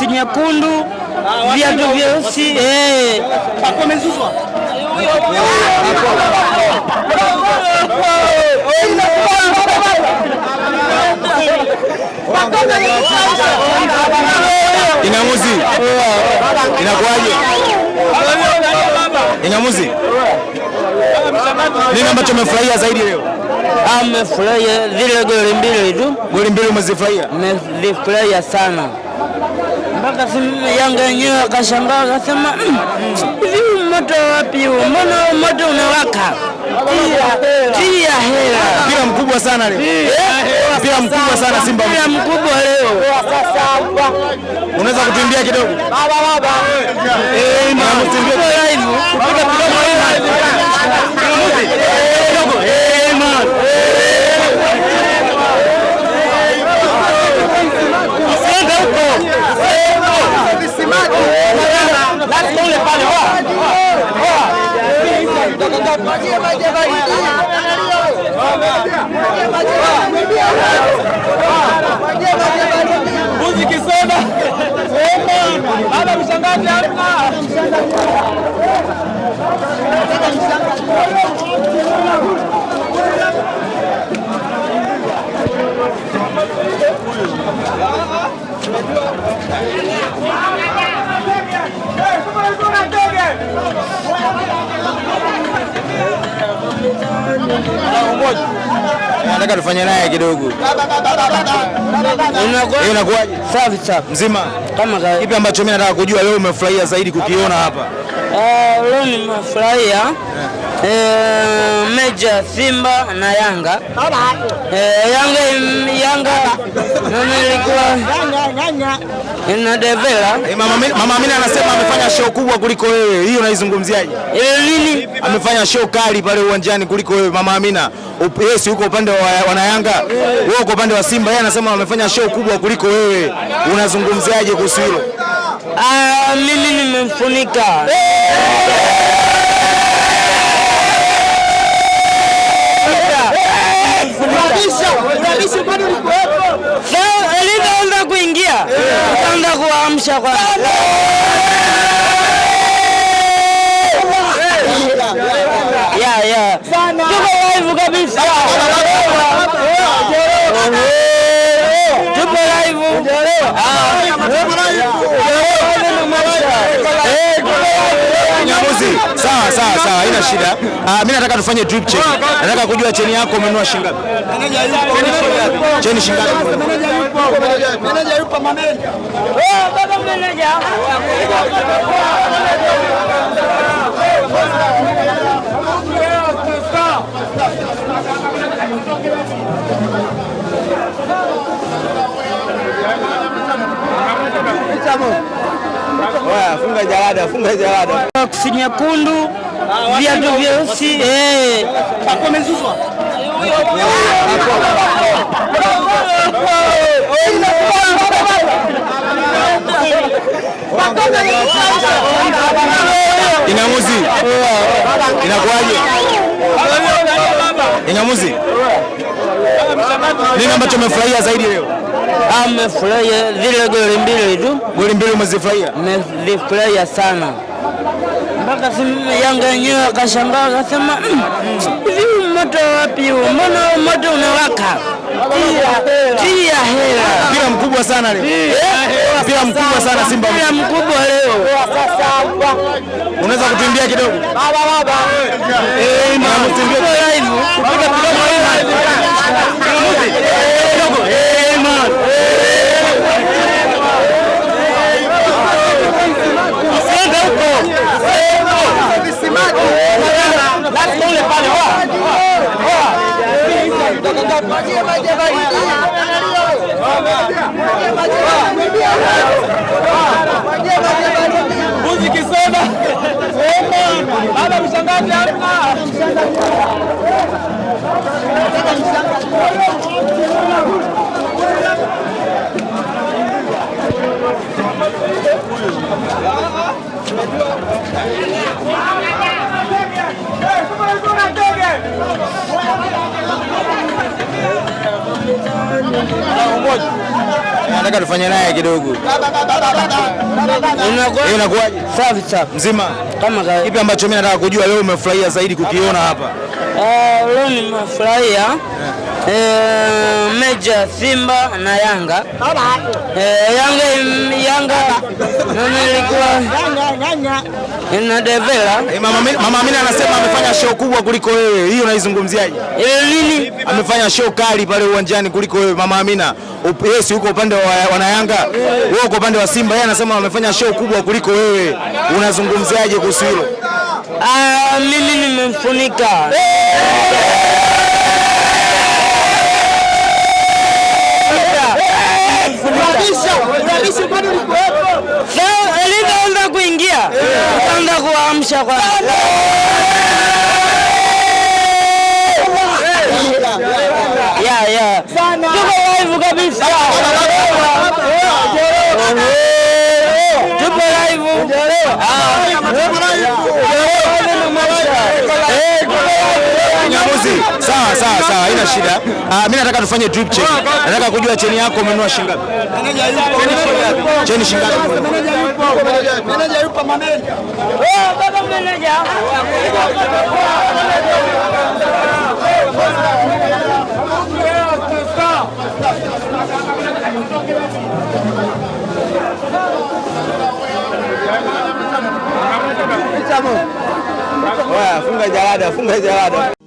soksi nyekundu, ah, viatu vyeusi eh. Ingamuzi, inakuwaje? Ingamuzi, nini ambacho umefurahia zaidi leo? Amefurahia ah, zile goli mbili tu. Goli mbili umezifurahia? Nimezifurahia sana mpaka Yanga yenyewe akashangaa, akasema mm, hivi moto wapi huo? Mbona moto unawaka? Tia hela mpira mkubwa sana leo, mpira eh? mkubwa sana Simba, mpira mkubwa leo. Unaweza kutimbia kidogo baba baba, eh, kupiga kidogo mbuzi kisoda baada mshangazi hamna nataka tufanye naye kidogo. Unakuwaje? Safi sana. Mzima. Kama kawaida. Kipi ambacho mimi nataka kujua leo umefurahia zaidi kukiona hapa? Eh, leo nimefurahia eh. E, eh, meja Simba na Yanga e, Yanga Yanga nilikuwa ina devela e, Mama Amina anasema amefanya show kubwa kuliko wewe, hiyo unaizungumziaje? Nini amefanya show kali pale uwanjani kuliko wewe Mama Amina? Yeye uko upande wa yanga wewe uko upande wa Simba. Yeye anasema amefanya show kubwa kuliko wewe, unazungumziaje kuhusu hilo? Ah, mimi nimemfunika Ilivyoanza kuingia utaanza kuwaamsha kwanza. Tuko live kabisa, tupo live Sawa sawa sawa, haina shida. Ah, mimi nataka tufanye drip check. Nataka kujua cheni yako umenua shingapi? Meneja yupo. Cheni shilingi Meneja yupo. Meneja yupo Eh, baba meneja. Oya, funga jalada, funga jalada. Soksi nyekundu, viatu vyeusi. Eh. Inamuzi. Inakuaje? Inamuzi. Nini ambacho umefurahia zaidi leo? Amefurahia zile goli mbili tu. Goli mbili umezifurahia? Nimezifurahia sana mpaka Yanga yenyewe akashangaa akasema, mm, mm, hivi moto wapi huo? Mbona moto unawaka? Tia hela. Mpira mkubwa sana leo. Eh, mpira mkubwa sana Simba. Mpira mkubwa leo. Unaweza kutimbia kidogo? Baba baba. Eh, mama tuimbie kidogo. Kupiga kidogo. mbuzi kisoda, baba mshangazi hapa inakuwaje? Nataka tufanye naye kidogo. Inakuwaje? Eh, inakuwaje? Safi safi. Mzima. Kama kawaida. Kipi ambacho mimi nataka kujua leo umefurahia zaidi kukiona hapa? Eh, leo nimefurahia. Eh. E, meja Simba na Yanga e, Yanga Yanga nilikuwa eh, ina devela mama, mama Amina anasema amefanya show kubwa kuliko wewe, hiyo unaizungumziaje? E, nini amefanya show kali pale uwanjani kuliko wewe mama Amina? Yeye si uko upande wa wanayanga, wewe uko upande wa Simba. Yeye anasema amefanya show kubwa kuliko wewe, unazungumziaje kuhusu hilo? Ah, mimi nimemfunika maisha kwa tuko live kabisa, tuko live Nyamuzi. Sawa sawa sawa, haina shida. Ah, mimi nataka tufanye drip check. Nataka kujua cheni yako umenunua shilingi ngapi? Cheni shilingi ngapi? Meneja yupo mameneja. Eh, baba meneja. Funga jalada, funga jalada.